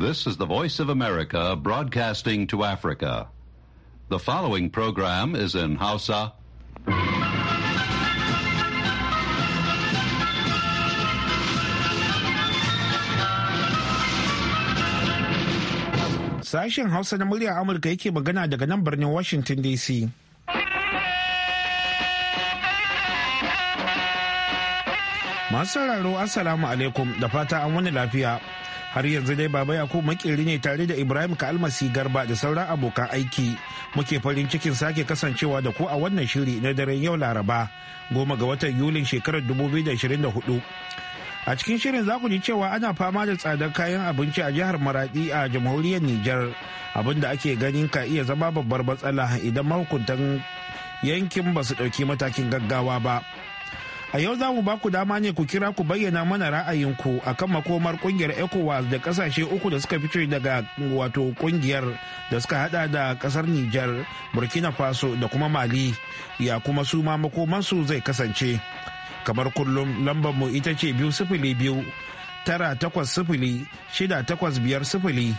This is the Voice of America broadcasting to Africa. The following program is in Hausa. Sashen Hausa na muryar Amurka yake magana daga nan birnin Washington DC. Masu sauraro Assalamu alaikum da fata an wani lafiya. har yanzu dai baba yakubu makeri ne tare da ibrahim kalmasi garba da sauran abokan aiki muke farin cikin sake kasancewa da ku a wannan shiri na daren yau laraba goma ga watan yulin shekarar 2024 a cikin shirin za ku ji cewa ana fama da tsadar kayan abinci a jihar maradi a jamhuriyar niger abinda ake ganin ka iya zama babbar matsala idan mahukuntan yankin ba su ɗauki matakin gaggawa ba A yau za mu ba dama ne ku kira ku bayyana mana ra'ayinku a kan makomar kungiyar ECOWAS da kasashe uku da suka fice daga wato kungiyar da suka hada da kasar Nijar, Burkina Faso da kuma Mali ya kuma su ma makomansu zai kasance. Kamar kullum lambar mu ita ce biyu sifili biyu tara takwas sifili shida takwas biyar sifili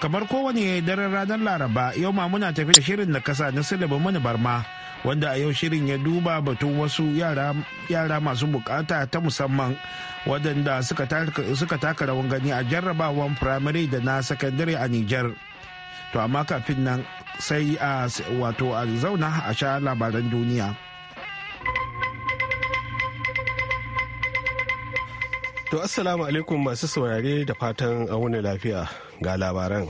kamar kowane daren ranar laraba yau ma muna tafi da shirin na kasa na silibin mani barma wanda a yau shirin ya duba batun wasu yara masu bukata ta musamman waɗanda suka taka rawan gani a jarrabawan firamare da na sakandare a niger to amma kafin nan sai a wato a zauna a sha labaran duniya To assalamu alaikum masu saurare da fatan a wani lafiya ga labaran.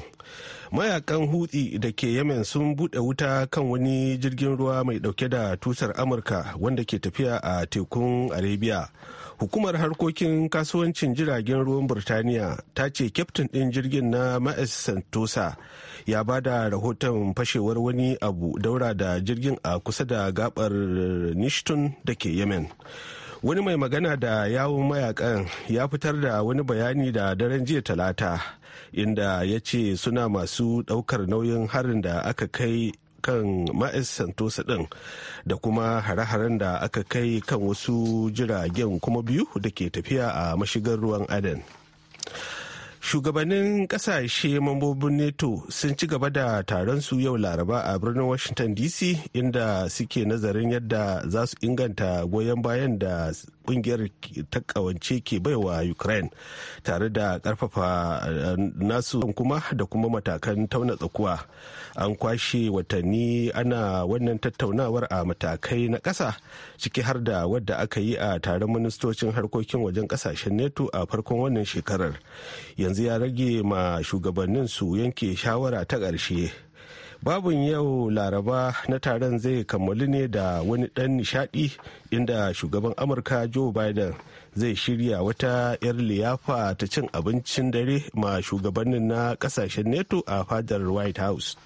Mayakan hutsi da ke Yemen sun buɗe wuta kan wani jirgin ruwa mai ɗauke da tusar Amurka wanda ke tafiya a tekun Arabia. Hukumar harkokin kasuwancin jiragen ruwan Burtaniya ta ce kyaftin ɗin jirgin na Ma'as Santosa ya ba da rahoton fashewar wani abu daura da jirgin a kusa da gabar Nishton da ke Yemen. wani mai magana da yawon mayakan ya fitar da wani bayani da daren jiya talata inda ya ce suna masu daukar nauyin harin da aka kai kan ma'is santosa din da kuma hare-haren da aka kai kan wasu jiragen kuma biyu da ke tafiya a mashigar ruwan aden shugabannin kasashe mambobin neto sun ci gaba da taron su yau laraba a birnin washington dc inda suke nazarin yadda za su inganta goyon bayan da kungiyar ta kawance ke baiwa ukraine tare da karfafa eh, nasu kuma da kuma matakan tauna tsakuwa an kwashe watanni ana wannan tattaunawar a matakai na ƙasa ciki har da wadda aka yi a taron ministocin harkokin wajen ƙasashen neto a farkon wannan shekarar yanzu ya rage ma shugabannin su yanke shawara ta ƙarshe babin yau laraba na taron zai kammalu ne da wani dan nishadi inda shugaban amurka joe biden zai shirya wata 'yar liyafa ta cin abincin dare ma shugabannin na kasashen neto a fadar white house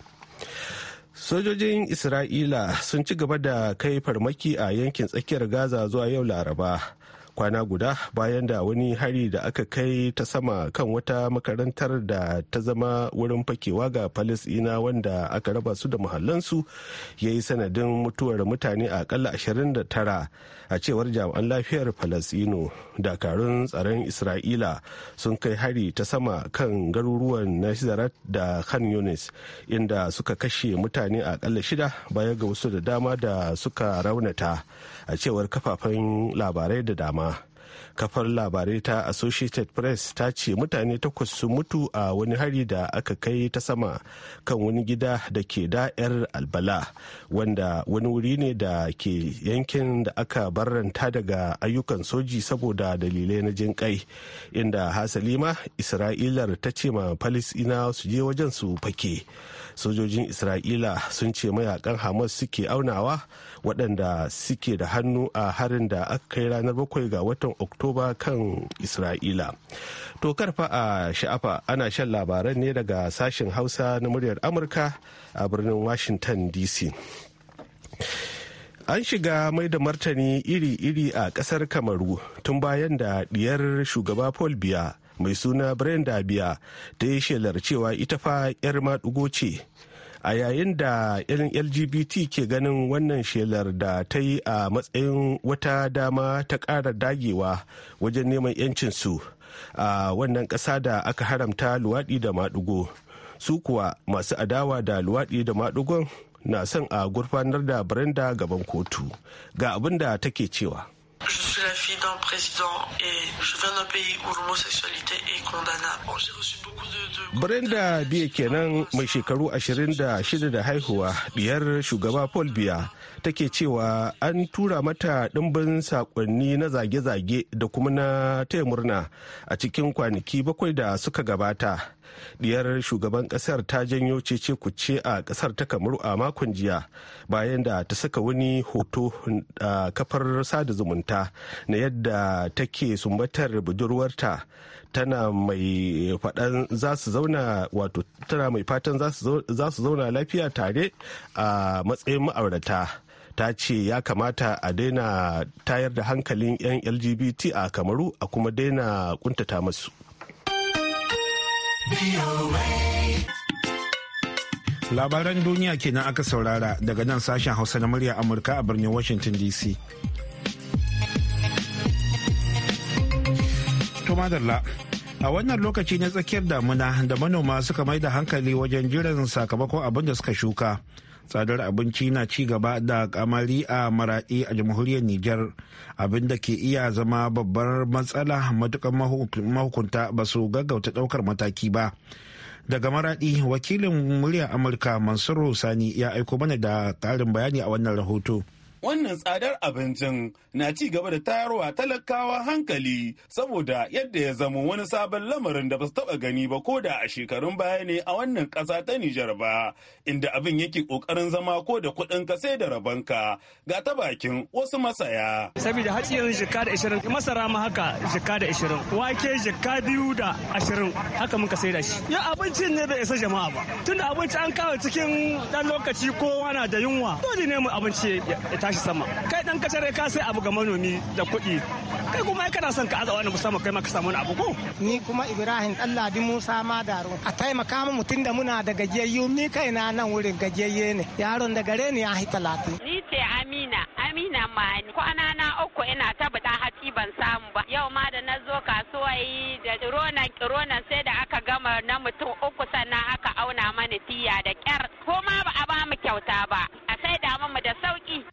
sojojin isra'ila sun ci gaba da kai farmaki a yankin tsakiyar gaza zuwa yau laraba kwana guda bayan da wani hari da aka kai ta sama kan wata makarantar da ta zama wurin fakewa ga palestina wanda aka raba su da muhallansu ya yi sanadin mutuwar mutane a akalla 29 a cewar jami'an lafiyar palestino dakarun tsaron isra'ila sun kai hari ta sama kan garuruwan nazirat da khan yunis inda suka kashe mutane a akalla shida bayan ga wasu da dama da suka raunata a cewar kafafen labarai da dama kafar labarai ta associated press ta ce mutane takwas sun mutu a wani hari da aka kai ta sama kan wani gida da ke da'yar albala wanda wani wuri ne da ke yankin da aka barranta daga ayyukan soji saboda dalilai na jin kai inda hasali ma isra'ilar ta ce ma falisina su je wajen su fake sojojin isra'ila sun ce mayakan hamas suke aunawa waɗanda suke da hannu a harin da aka kai ranar bakwai ga watan oktoba kan isra'ila to karfa a sha'afa ana shan labaran ne daga sashen hausa na muryar amurka a birnin washington dc an shiga mai da martani iri-iri a kasar kamaru tun bayan da diyar shugaba paul biya mai suna brenda biya ta yi shelar cewa ita fa 'yar maɗugo ce a yayin da 'yan lgbt ke ganin wannan shelar da ta yi a matsayin wata dama ta ƙara dagewa wajen neman 'yancinsu a wannan ƙasa da aka haramta luwaɗi da maɗugo su kuwa masu adawa da luwaɗi da maɗugon na son a gurfanar da brenda gaban kotu ga abin da take cewa Je suis la fille d'un président et je viens d'un pays où l'homosexualité est condamnable. J'ai reçu beaucoup de... Brenda Biya kenan mai shekaru 26 da haihuwa, biyar shugaba Paul Biya. take cewa an tura mata ɗimbin sakonni na zage-zage da kuma na taya murna a cikin kwanaki bakwai da suka gabata diyar shugaban ƙasar ta janyo cece kuce a ƙasar ta kamaru a makon jiya bayan da ta saka wani hoto a kafar sada zumunta na yadda take sumbatar budurwarta tana mai fadan za su zauna wato tana mai fatan za su zauna lafiya tare a matsayin ma'aurata ta ce ya kamata a daina tayar da hankalin 'yan lgbt a kamaru a kuma daina kuntata masu labaran duniya kenan aka saurara daga nan sashen hausa na murya amurka a birnin washington dc madalla a wannan lokaci na tsakiyar damuna da manoma suka mai da hankali wajen jiran sakamakon abin da suka shuka tsadar abinci na ci gaba da kamari a maraɗi a jamhuriyar Nijar abinda ke iya zama babbar matsala matukan mahukunta ba su gaggauta ɗaukar mataki ba daga maraɗi wakilin muryar amurka Mansur sani ya aiko mana da ƙarin bayani a wannan rahoto. wannan tsadar abincin na ci gaba da tayarwa talakawa hankali saboda yadda ya zama wani sabon lamarin da ba su taba gani ba ko da a shekarun baya ne a wannan ƙasa ta Nijar ba inda abin yake ƙoƙarin zama ko da kuɗin ka sai da rabanka ga ta bakin wasu masaya. Saboda hatsi yanzu jikka da ishirin masara ma haka jikka da ishirin wake jikka biyu da ashirin haka muka sai da shi. Ya abincin ne bai isa jama'a ba tunda abinci an kawo cikin ɗan lokaci kowa na da yunwa dole ne mu abinci ya tashi. tashi sama kai dan ka sai abu ga manomi da kuɗi kai kuma kana son ka azawa wani musamman kai ma ka samu abu ko ni kuma ibrahim ɗanladi musa madaro a taimaka mu mutum da muna da gajiyayyu ni na nan wurin gajiyayye ne yaron da gare ni ya hi talatin ni ce amina amina mani kwana na uku ina tabbata hatsi ban samu ba yau ma da na zo kasuwa yi da ronan ronan sai da aka gama na mutum uku sannan aka auna mani tiya da kyar ko ma ba a ba mu kyauta ba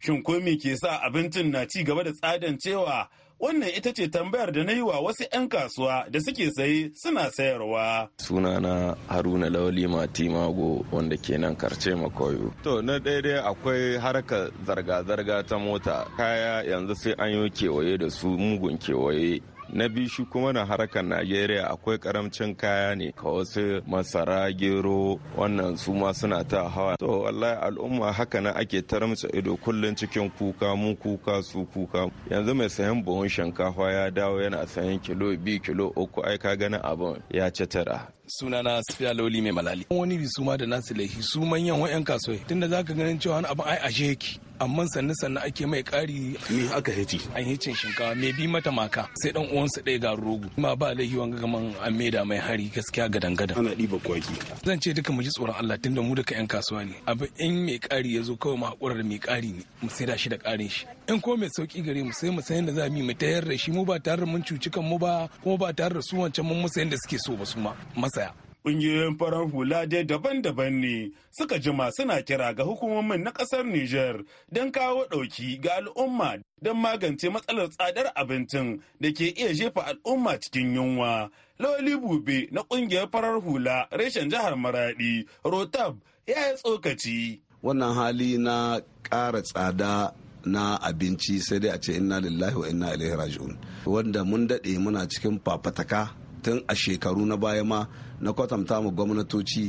Shin ko me ke sa abincin na ci gaba da tsadan cewa wannan ita ce tambayar da na yi wa wasu 'yan kasuwa da suke saye suna sayarwa. sunana haruna lawali mati wanda ke nan karce makoyo to na daidai akwai harkar zarga-zarga ta mota kaya yanzu sai an yi kewaye da su mugun kewaye na biyu shi kuma na harkar najeriya akwai karamcin kaya ne ka wasu masara gero wannan su ma suna ta hawa to wallahi al'umma haka na ake taramsa ido kullum cikin kuka mu kuka su kuka yanzu mai sayan buhun shinkafa ya dawo yana sayan kilo biyu kilo uku ai ka gani abin ya ci tara sunana Sufiya Loli mai malali. Wani bi suma da nasu laifi su manyan wa'yan kasuwai tunda za ka ganin cewa wani abin ai ashe yake. amma sannan sannan ake mai kari ne aka heci an hecin shinkawa me bi mata maka sai dan uwansa ɗaya ga rogo ma ba laifi wanga gaman an maida mai hari gaskiya gadan gadan ana ɗiba kwaki zan ce duka mu ji tsoron Allah tunda mu duka yan kasuwa ne abu in mai kari ya zo kawai mu haƙura da mai kari ne mu sai da shi da karin shi in ko mai sauki gare mu sai mu san yadda za mu yi mu tayar da shi mu ba tare da mun cuci kan mu ba kuma ba tare da su wancan mun musa yadda suke so ba su ma masa Ƙungiyoyin farar hula dai daban-daban ne suka jima suna kira ga hukumomin na ƙasar Nijar don kawo ɗauki ga al'umma don magance matsalar tsadar abincin da ke iya jefa al'umma cikin yunwa. Loli Bube na ƙungiyar farar hula reshen jihar maraɗi Rotab ya yi tsokaci. Wannan hali na ƙara tsada na abinci sai dai a ce inna lillahi wa inna ilaihi raji'un wanda mun daɗe muna cikin fafataka tun a shekaru na baya ma na kwatanta mu gwamnatoci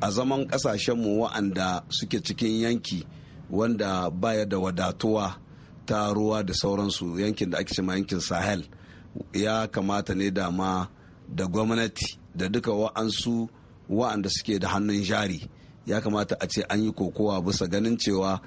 a zaman kasashenmu wa'anda suke cikin yanki wanda baya da wadatuwa ta ruwa da sauransu yankin da ake cema yankin sahel ya kamata ne da ma da gwamnati da duka wa'ansu wa'anda suke da hannun jari ya kamata a ce an yi kokowa bisa ganin cewa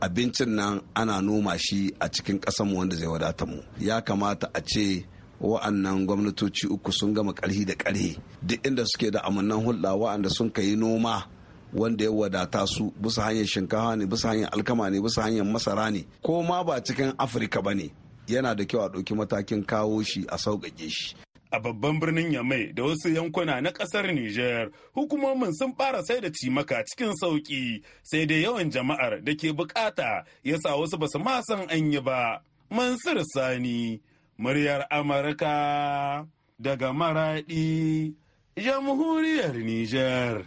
abincin nan ana noma shi a cikin kasanmu wanda zai wadatar ya kamata a ce wa'annan gwamnatoci uku sun gama karhi da karhe duk inda suke da amannan hulɗa wa'anda sun kayi noma wanda ya wadata su bisa hanyar shinkafa ne bisa hanyar alkama ne bisa hanyar masara ne ko ma ba cikin afirka ba ne yana da kyau a ɗauki matakin kawo shi a sauƙaƙe shi a babban birnin yamai da wasu yankuna na ƙasar Nijar hukumomin sun fara sai da cimaka cikin sauƙi, sai dai yawan jama'ar da ke bukata ya sa wasu ba su ma san an yi ba. Mansur Sani, muryar Amurka daga Maraɗi, jamhuriyar Nijar.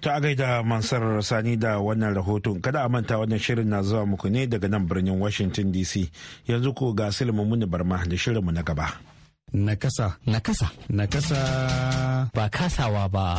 Ta gaida Mansar Sani da wannan rahoton kada a manta wannan shirin na zuwa muku ne daga nan birnin Washington DC yanzu ko ga Sulmumuni Barma da shirinmu na gaba. Nakasa. Nakasa. Nakasa. Ba kasawa ba.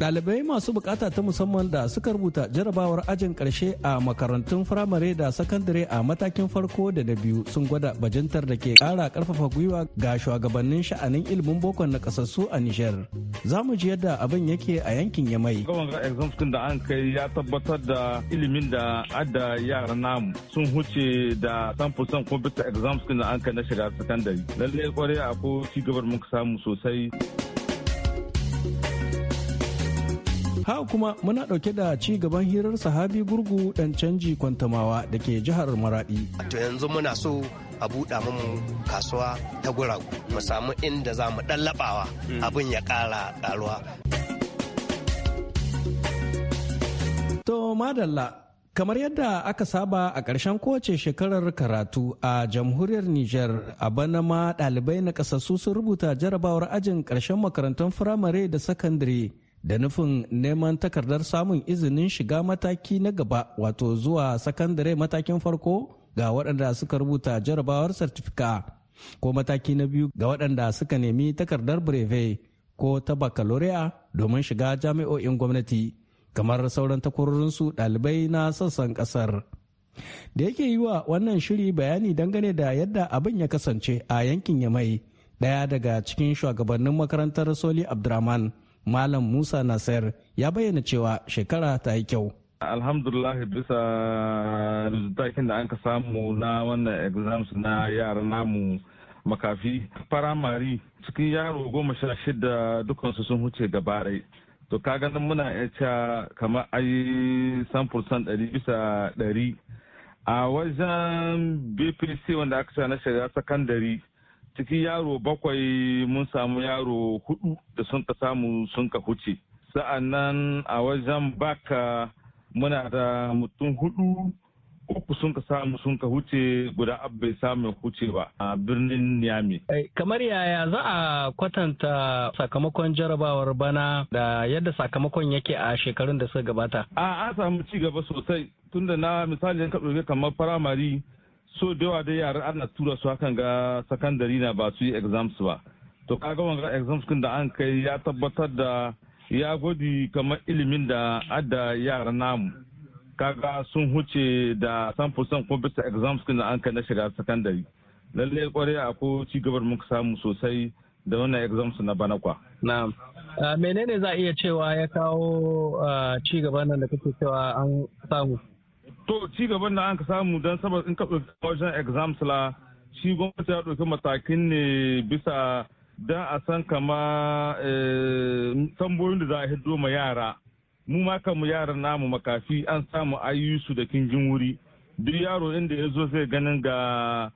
Dalibai masu bukata ta musamman da suka rubuta jarabawar ajin karshe a makarantun firamare da sakandare a matakin farko da na biyu sun gwada bajintar da ke kara karfafa gwiwa ga shugabannin sha'anin ilimin boko na kasassu a Nijar. Za mu ji yadda abin yake a yankin Yamai. Gawan exams da an kai ya tabbatar da ilimin da adda yara namu sun huce da samfusan computer exams da an kai na shiga sakandare. Lallai kwarai akwai cigabar muka samu sosai. Ha kuma muna ɗauke da ci gaban hirar sahabi gurgu dan canji kwantamawa da ke jihar Maraɗi. To yanzu muna so a buɗa mu kasuwa ta guragu mu samu inda za mu ɗan hmm. abin ya ƙara ƙaruwa. To madalla Kamar yadda aka saba a ƙarshen kowace shekarar karatu a jamhuriyar Nijar, a bana ma ɗalibai na ƙasassu sun rubuta jarabawar ajin ƙarshen makarantun firamare da sakandare da nufin neman takardar samun izinin shiga mataki na gaba wato zuwa sakandare matakin farko ga waɗanda suka rubuta jarabawar sartifika ko mataki na biyu ga waɗanda suka nemi takardar breve ko ta baccalaureate domin shiga jami'o'in gwamnati kamar sauran takwarorinsu ɗalibai na sassan ƙasar. da yake yi wa wannan shiri bayani dangane da yadda abin ya kasance a yankin yamai ɗaya daga cikin shugabannin makarantar soli abdurrahman Malam Musa Nasir ya bayyana cewa shekara ta yi kyau. Alhamdulillah bisa takin da an ka samu na wannan exams na yara namu makafi firamare cikin yaro goma sha shida dukansu sun huce gaba to ka ganin muna iya cewa kamar ayi samfursan ɗari bisa ɗari a wajen bpc wanda aka ce na shiga sakandare cikin yaro bakwai mun samu yaro hudu da sun ka samu sun ka huce sa'annan a wajen baka muna da mutum hudu uku sun ka samu sun ka huce guda bai samu huce ba a birnin Niamey. Eh, kamar yaya za a kwatanta sakamakon jarabawar bana da yadda sakamakon yake a shekarun da suka gabata? A an samu ci gaba sosai tunda na misali ka ɗauke kamar firamare so da yawa da yaran ana tura su hakan ga sakandari na ba su yi exams ba to kaga wanga exams kin da an kai ya tabbatar da ya gwadi kamar ilimin da adda yaran namu kaga sun huce da samfusan ko bisa exams kin da an kai na shiga sakandari lallai kwarai ko ci gabar muka samu sosai da wannan exams na bana kwa na'am menene za a iya cewa ya kawo ah, ci gaban nan da kake cewa an samu to ci gaban da an ka samu don saboda in ka ɗauki wajen exams la shi gwamnati ya ɗauki matakin ne bisa don a san kama eh, tambayoyin da za a hiddo ma yara mu ma kanmu yaran namu makafi an samu ayyusu da kingin wuri duk yaro inda ya zo zai ganin ga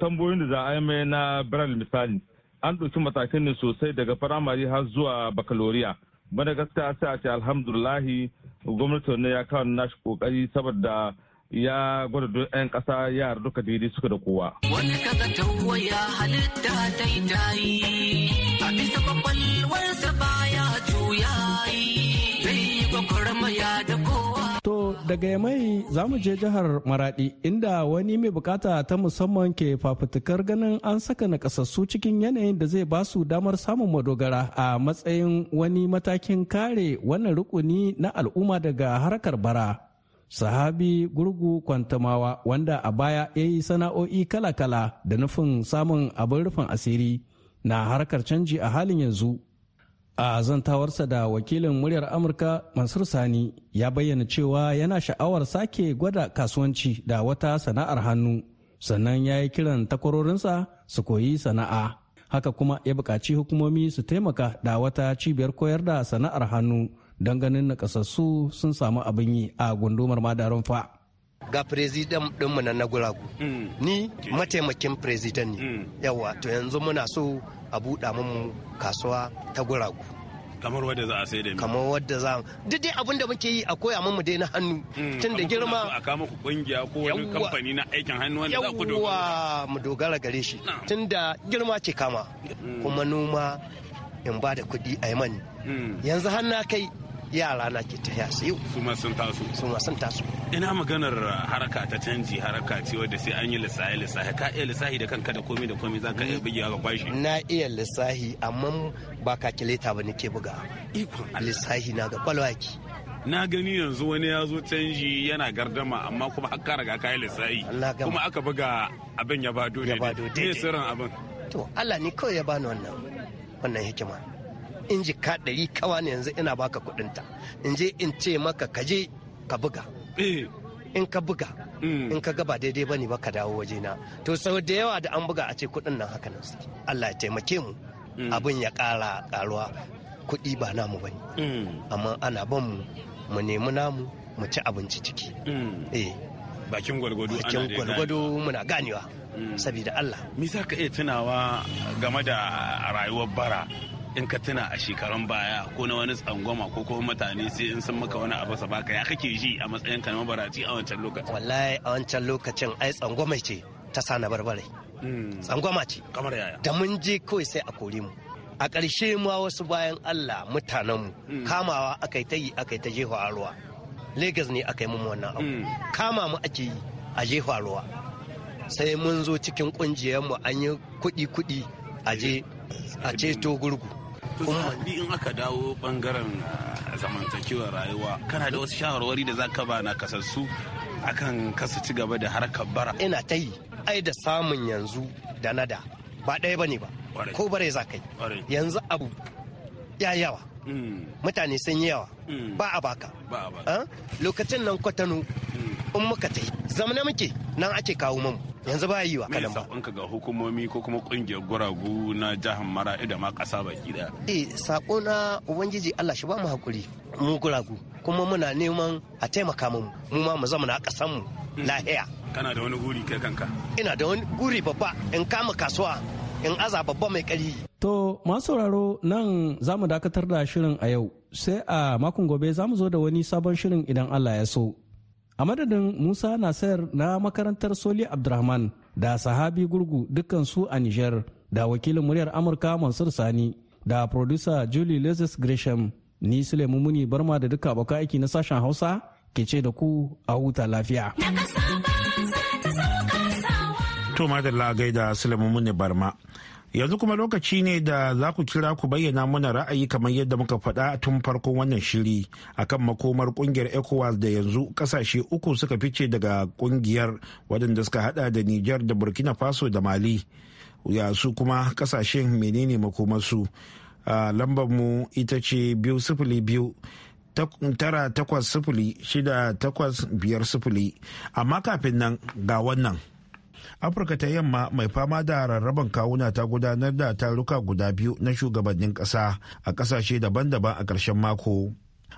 tambayoyin da za a yi mai na biral misali an ɗauki matakin ne sosai daga firamare har zuwa bakaloriya bane gaskiya sai a ce alhamdulahi gwamnatin ne ya kawo nashi kokari saboda ya gwada duk 'yan ƙasa yara duka daidai suka da kowa. Wani kaza waya halitta ta yi daidai, a bisa kwakwalwarsa baya juyayi, zai yi kwakwarmaya da To daga mai za je jihar Maradi inda wani mai bukata ta musamman ke fafutukar ganin an saka nakasassu cikin yanayin da zai basu damar samun madogara a matsayin wani matakin kare wannan rukuni na al'umma daga harkar bara. sahabi gurgu kwantamawa wanda a baya ya yi sana'o'i kala-kala da nufin samun abin rufin asiri na harkar canji a halin yanzu a zantawarsa da wakilin muryar amurka mansur sani ya bayyana cewa yana sha'awar sake gwada kasuwanci da wata sana'ar hannu sannan ya yi kiran takwarorinsa su koyi sana'a haka kuma ya buƙaci hukumomi su taimaka da wata cibiyar koyar da sana'ar hannu don ganin nakasassu sun samu abin yi a gundumar madarin fa ga president dinmu na nagulagu mm. ni mataimakin president ne mm. yawa to yanzu muna so a buɗa mu kasuwa ta guragu kamar wadda za a sai da kamar wadda za duk dai abin da muke yi a koya mu dai na hannu mm, tun da girma a kama ku kungiya ko wani kamfani na aikin hannu wanda za ku dogara mu dogara gare shi tun da girma ce kama kuma noma in ba da kuɗi a yi mani yanzu har na kai yara na ke ta su yau su ma sun taso su ma sun taso ina maganar haraka ta canji haraka ce wadda sai an yi lissahi lissahi ka iya lissahi da kanka da komai da komai za ka iya bugewa ga kwashi na iya lissahi amma ba ka kakileta ba nake buga ikon lissahi na ga kwalwaki na gani yanzu wani ya zo canji yana gardama amma kuma har ka riga yi lissahi kuma aka buga abin ya bado ne ne sirrin abin to Allah ne kawai ya bani wannan wannan hikima in jika ɗari kawa ne yanzu ina baka kuɗinta in je in ce maka ka je ka buga eh. in ka buga mm. in ka gaba daidai bane ba ka dawo waje na to sau da yawa da an buga a ce kuɗin nan haka nan Allah ya taimake mu mm. abin ya ƙara ƙaruwa kuɗi ba namu bane mm. amma ana ban mu mu nemi namu mu ci abinci ciki eh bakin gwalgwado bakin gwalgwado muna ganewa sabida Allah me za ka iya tunawa game da rayuwar bara in ka tuna a shekarun baya ko na wani tsangwama ko kuma mutane sai in sun maka wani abu sa baka ya kake ji a matsayin ka na mabaraci a wancan lokacin wallahi a wancan lokacin ai tsangwama ce ta sa na barbare hmm. tsangwama ce kamar yaya da mun je kawai sai a kore mu a ƙarshe ma wasu bayan Allah mutanen mu hmm. kamawa aka yi ta yi aka yi ta jefa a ruwa Legas ne aka yi mun wannan abu hmm. kama mu ake yi a jefa ruwa sai mun zo cikin mu an yi kuɗi kuɗi a je a ceto gurgu kusa in aka dawo bangaren ah, zamantakewar rayuwa kana da wasu shawarwari da zaka ba na kasassu akan kasa ci gaba da harkar bara ina ta yi ai da samun yanzu da nada ba ɗaya bane ba ko bare za kai yanzu abu ya yawa mm. mutane sun yi yawa mm. ba a baka ah, lokacin nan kwatano mm. in muka ta yi zamana muke nan ake kawo mamu yanzu ba yi wa kalan ba. Me ga hukumomi ko kuma kungiyar guragu na jihar Mara da ma ƙasa baki daya. Eh sako na ubangiji Allah shi ba mu hakuri mu guragu kuma muna neman a taimaka mu mu ma mu zama na kasan mu hmm. lahiya. Kana da wani guri kai kanka? Ina da wani guri babba in kama kasuwa in aza babba mai kari. To masu sauraro nan za mu dakatar da shirin a yau sai a makon gobe za mu zo da wani sabon shirin idan Allah ya so. a madadin musa nasir na makarantar soli abdurrahman da sahabi gurgu dukansu a niger da wakilin muryar amurka mansur sani da producer julie lesis gresham ni sulemu muni barma da duka abokan aiki na sashen hausa ke ce da ku a huta lafiya to madalla gaida sulemu muni barma yanzu kuma lokaci ne da za ku kira ku bayyana mana ra'ayi kamar yadda muka faɗa tun farkon wannan shiri akan makomar kungiyar ecowas da yanzu kasashe uku suka fice daga kungiyar wadanda suka hada da niger da burkina faso da mali ya su kuma kasashen menene makomarsu lambar mu ita ce biyu sifili biyu tara takwas sifili shida takwas biyar sifili amma kafin nan ga wannan afirka ta yamma mai fama da rarraban kawuna ta gudanar da taruka guda biyu na shugabannin ƙasa a ƙasashe daban-daban a ƙarshen mako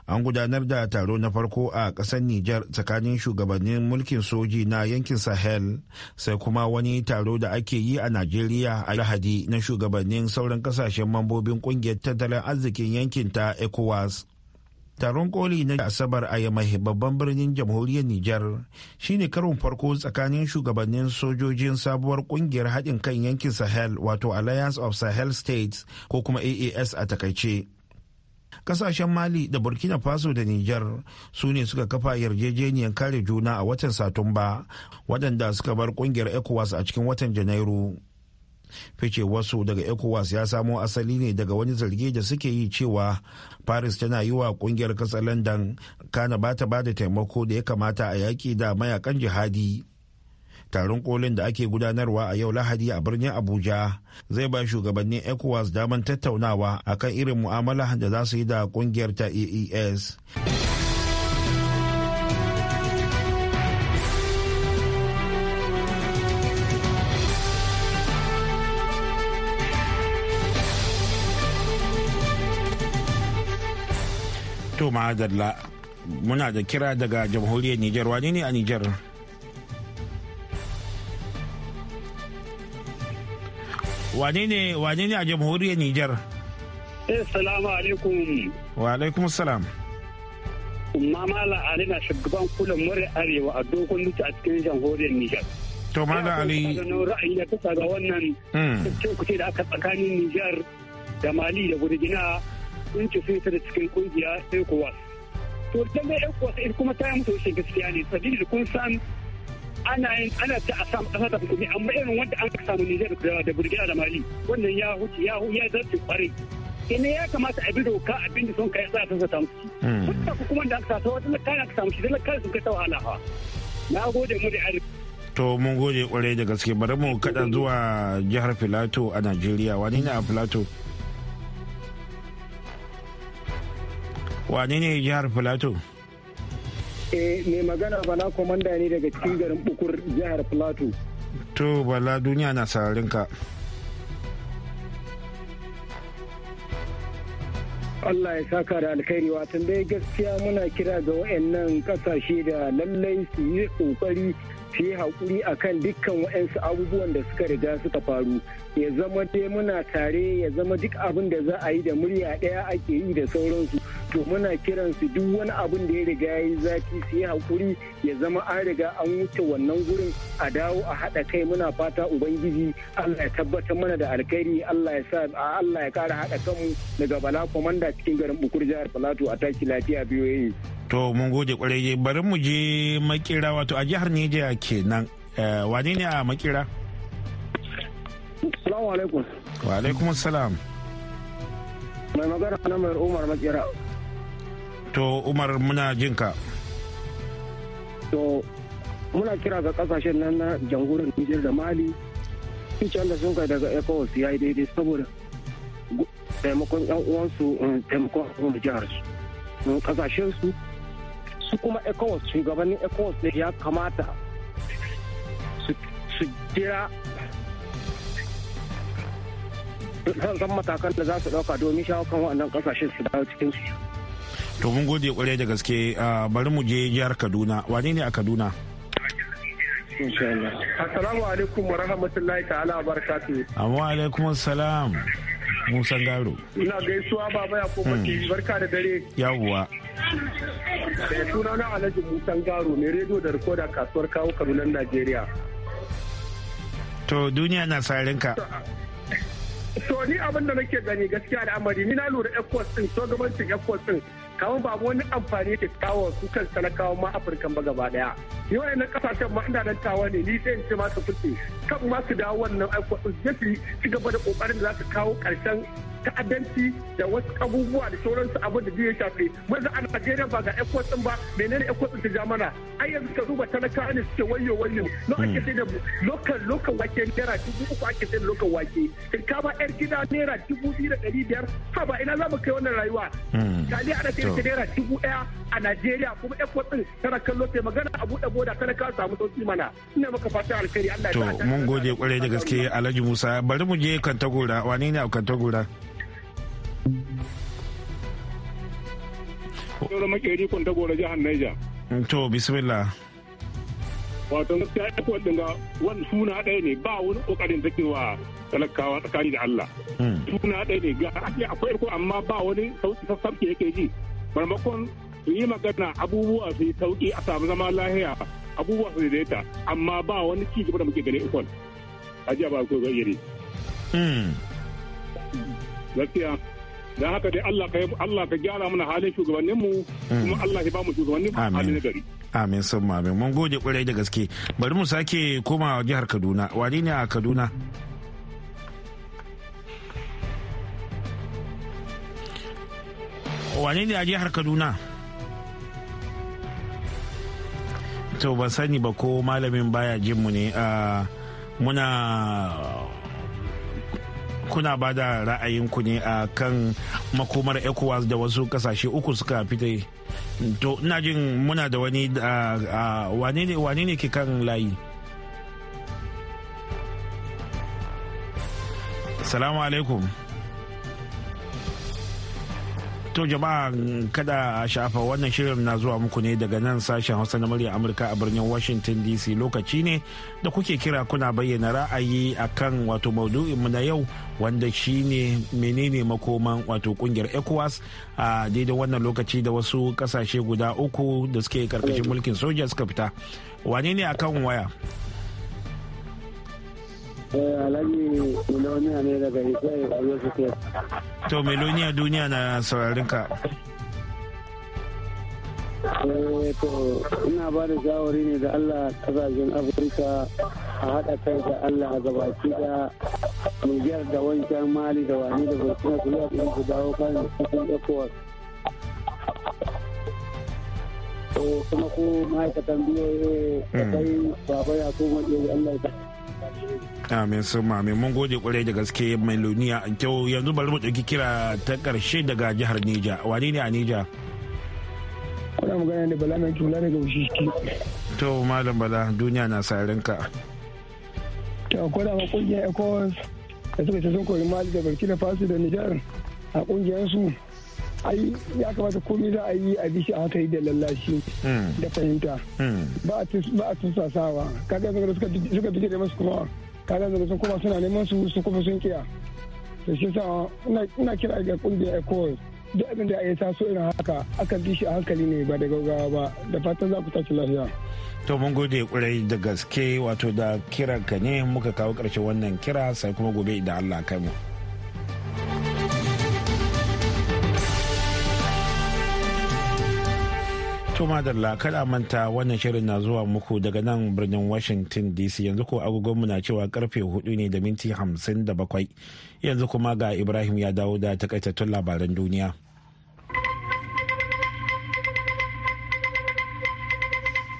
an gudanar da taro na farko a ƙasar Nijar tsakanin shugabannin mulkin soji na yankin Sahel sai kuma wani taro da ake yi a Najeriya a Lahadi na shugabannin sauran ƙasashen mambobin ƙungiyar tattalin arzikin yankin ta ECOWAS. taron koli na asabar a yamai babban birnin jamhuriyar niger shine karin farko tsakanin shugabannin sojojin sabuwar kungiyar haɗin kan yankin sahel wato alliance of sahel states ko kuma aas a takaice kasashen mali da burkina faso da nijar su ne suka kafa yarjejeniyar kare juna a watan satumba waɗanda suka bar ƙungiyar ecowas a cikin watan janairu fice wasu daga ecowas ya samo asali ne daga wani zargi da suke yi cewa paris tana yi wa kungiyar kasar london kana ba ta ba da taimako da ya kamata a yaƙi da mayakan jihadi taron kolin da ake gudanarwa a yau lahadi a birnin abuja zai ba shugabannin ecowas daman tattaunawa akan irin mu'amala da za su yi da kungiyar ta aes to ma'adalla muna da kira daga jamhuriyar Nijar wani ne a Nijar? Wane ne wane ne a jamhuriyar Nijar? Assalamu eh, alaikum. Wa alaikum salam. Mama Mala Ali na shugaban kulan mure arewa a dogon luta a cikin jamhuriyar Nijar. To Mala Ali. ra'ayi da kusa ga wannan cikin hmm. kuce da aka tsakanin Nijar da Mali da Burkina kunci sun da cikin kungiya ECOWAS. To dai ECOWAS in kuma ta yi musu rashin gaskiya ne sabili da kun san ana yin ana ta a samu kasa ta hukumi amma irin wanda an samu Nijar da burgiya da Mali wannan ya huce ya ya zarce kwarai. Ina ya kamata a bi doka abin da sun kai sa ta sata musu. Mutta hmm. hukumar da aka sa ta wata lakana aka samu shi da kai sun kai ta wahala fa. Na gode mu da arziki. to mun gode kwarai da gaske bari mu kada zuwa jihar filato a najeriya wani ne a filato wane ne jihar filato eh mai magana bala komanda ne daga cikin garin bukur jihar filato to bala duniya na sararin ka Allah ya saka da alkhairi watan dai gaskiya muna kira ga waɗannan kasashe da lallai su yi kokari yi haƙuri a kan dukkan waɗansu abubuwan da suka riga suka faru ya zama dai muna tare ya zama duk abin da za a yi da murya ɗaya ake yi da sauransu to muna kiran su duk wani abin da ya riga ya yi zafi su yi haƙuri ya zama an riga an wuce wannan gurin a dawo a haɗa kai muna fata ubangiji allah ya tabbatar mana da alkhairi allah ya sa allah ya ƙara haɗa kanmu daga bala komanda cikin garin bukur jihar plateau a tashi lafiya biyoyi. to mun gode kwarai bari mu je makira wato a jihar Nijiya kenan eh, wane ne a makira Salamu alaikum. Wa alaikum salam. Mai magana na mai Umar Makera. To Umar muna jinka. To muna kira ga kasashen nan na jamhuriyar Nijar da Mali. Kicin da sun kai daga ECOWAS ya yi daidai saboda taimakon yan uwansu eh, taimakon al'ummar jihar su. Kasashen su su kuma ecowas shugabannin ecowas ne ya kamata su jira kan matakan da za su dauka domin shawo kan waɗannan kasashen su dawo cikin su to mun gode kwarai da gaske bari mu je jihar kaduna wane ne a kaduna Assalamu alaikum wa rahmatullahi ta'ala wa barakatuhu. Amma alaikum salam. Musa Garo. Ina gaisuwa baba ya kuma hmm. ke barka da dare. Yawwa. Eh, Suna na Alhaji Musan Garo mai rediyo da rikoda kasuwar kawo kaduna Najeriya. To duniya na sarin ka. To ni abinda da nake gani gaskiya al'amari ni na lura ecos din shugabancin ecos din kawo ba wani amfani yake kawo su kan talakawa ma afirka ba gaba daya ni na kasashen ma inda nan tawa ne ni sai in ce ma su fice kan ma su dawo wannan aiko su je su ci gaba da kokarin da za su kawo karshen ta'addanci da wasu abubuwa da sauransu abin da zai shafe maza a Najeriya ba ga aiko din ba menene ne din ta ja mana ai yanzu ka duba talaka ne suke wayo wayo no ake hmm. sai da lokal lokal wake naira dubu uku ake sai da lokal wake shinkafa yar gida naira dubu biyu da ɗari biyar ha ba ina za mu kai wannan rayuwa kali hmm. ana kai ta naira dubu daya a Najeriya kuma tana magana a boda ka samu mana ya To mun gode kwarai gaske Alhaji Musa bari mu je ne a Kantagora? Dole makeri Kantagora jihar Niger. To bismillah. wato gaskiya airport ga wani suna ɗaya ne ba wani kokarin da ke wa talakawa tsakani da Allah hmm. suna ɗaya ne ga ake akwai airport amma ba wani sassan ke yake ji maimakon su yi magana abubuwa su yi sauki a samu zama lahiya abubuwa su daidaita amma ba wani ci gaba da muke gani ikon a jiya ba ko ga iri hmm. gaskiya don haka dai Allah ka Allah ka gyara mana halin mu hmm. kuma Allah ya ba mu shugabannin halin gari amin sun mamin mun gode kwarai da gaske bari mu sake komawa jihar Kaduna wani ne a Kaduna wane ne a jihar kaduna to ban sani ba ko malamin baya jin mu ne a ah, muna kuna ba da ra'ayinku ne a kan makomar ecowas da wasu kasashe uku suka fita to ina jin muna da wani ah, ah, wane ne ke kan layi salamu alaikum To jama'a kada a shafa wannan shirin na zuwa muku ne daga nan sashen Hausa na murya Amurka a birnin Washington DC lokaci ne da kuke kira kuna bayyana ra'ayi akan wato mu na yau wanda shine menene makoman wato kungiyar ECOWAS a daidai wannan lokaci da wasu kasashe guda uku da suke karkashin mulkin soja suka fita. Wane ne akan waya? Alhaji Miloniya ne daga a To Miloniya duniya na saurarin ka. Eh, to ina ba da shawari ne da Allah kasashen Afirka a haɗa kai da Allah a gabaki da Niger da wancan Mali da wani da Burkina su yi a su dawo kan cikin ECOWAS. To kuma ko ma'aikatan biyu ya hmm. kai baba ya koma ɗaya Allah ya amin su mamin mun gode kwarai da gaske mai launiya kyau yanzu bari mu ɗauki kira ta ƙarshe daga jihar Nija wani ne a Nija? Kuna magana da Bala mai tula daga ta To Malam Bala duniya na sarin ka. To akwai da kungiyar ECOWAS da suka ce sun kori Mali da Burkina Faso da Nijar a kungiyar su ai ya kamata komai za a yi a bishi a yi da lallashi hmm. da fahimta hmm. ba a tusasawa kaga zanga suka duke da masu kuma kaga zan sun kuma suna neman su su kuma sun kiya da shi sa ina kira ga kungiyar ecowas duk abin da ya taso irin haka aka bi shi a hankali ne ba da gaugawa ba da fatan za ku tashi lafiya to mun gode kurai da gaske wato da kiranka ne muka kawo karshe wannan kira sai kuma gobe idan Allah kai mu To madalla kada manta wannan shirin na zuwa muku daga nan birnin Washington DC yanzu ko agogonmu na cewa karfe hudu ne da minti hamsin da bakwai yanzu kuma ga Ibrahim ya dawo da takaitattun labaran duniya.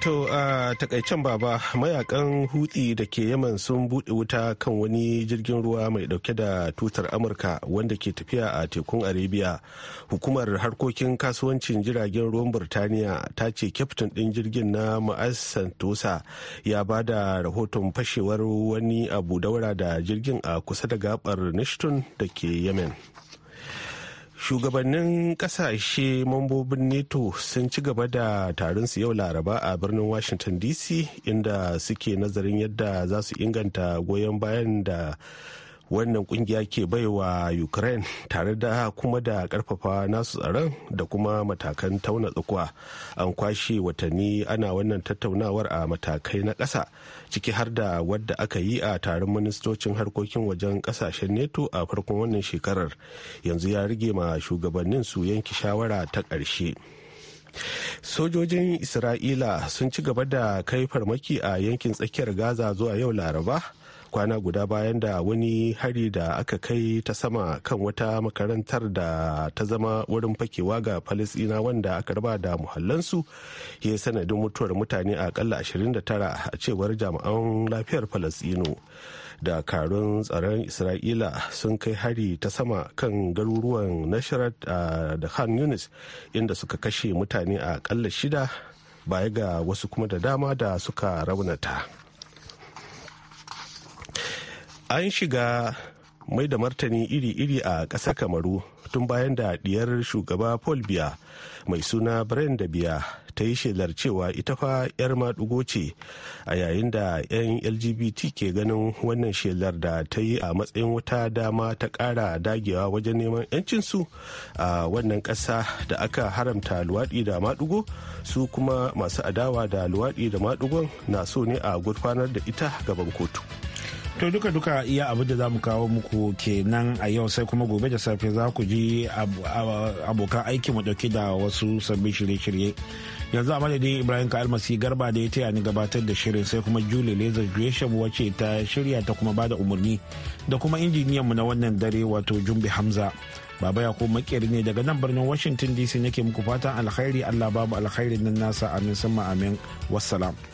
To a takaicen baba mayakan hutsi da ke Yaman sun buɗe wuta kan wani jirgin ruwa mai dauke da tutar Amurka wanda ke tafiya a tekun Arabia. Hukumar harkokin kasuwancin jiragen ruwan Burtaniya ta ce kyaftin ɗin jirgin na ma'as Santosa ya ba da rahoton fashewar wani abu daura da jirgin a kusa da gabar Nishton da ke Yemen. shugabannin kasashe mambobin nato sun ci gaba da tarin su yau laraba a birnin washington dc inda suke nazarin yadda za su inganta goyon bayan da wannan kungiya ke baiwa ukraine tare da kuma da karfafa nasu tsaron da kuma matakan tauna tsakuwa an kwashe watanni ana wannan tattaunawar a matakai na ƙasa ciki har da wadda aka yi a taron ministocin harkokin wajen ƙasashen neto a farkon wannan shekarar yanzu ya rige ma shugabannin su yanki shawara ta ƙarshe sojojin isra'ila sun ci gaba da kai farmaki a yankin tsakiyar gaza zuwa yau laraba kwana guda bayan da wani hari da aka kai ta sama kan wata makarantar da ta zama wurin fakewa ga falisina wanda aka raba da muhallansu ya yi sanadin mutuwar mutane a akalla 29 a cewar jami'an lafiyar da karun tsaron isra'ila sun kai hari ta sama kan garuruwan nasharar da khan yunis inda suka kashe mutane a akalla shida baya ga wasu kuma da dama da suka raunata. an shiga mai da martani iri-iri a ƙasar kamaru tun bayan da ɗiyar shugaba paul biya mai suna da biya ta yi shelar cewa ita fa 'yar maɗugo ce a yayin da 'yan lgbt ke ganin wannan shelar da ta yi a matsayin wata dama ta ƙara dagewa wajen neman 'yancinsu a wannan ƙasa da aka haramta luwaɗi da maɗugo su kuma masu adawa da luwaɗi da maɗugon na so ne a gurfanar da ita gaban kotu. To duka-duka iya abun da zamu kawo muku kenan a yau sai kuma gobe da safe za ku ji abokan aiki mu dauke da wasu sabbin shirye-shirye. Yanzu a madadin Ibrahim ka almasi garba da ya taya ni gabatar da shirin sai kuma Julie Lazar Gresham wacce ta shirya ta kuma bada umarni da kuma injiniyan mu na wannan dare wato Jumbi Hamza. Baba ya ko makeri ne daga nan birnin Washington DC nake muku fatan alkhairi Allah babu alkhairi nan nasa amin sama amin wassalam.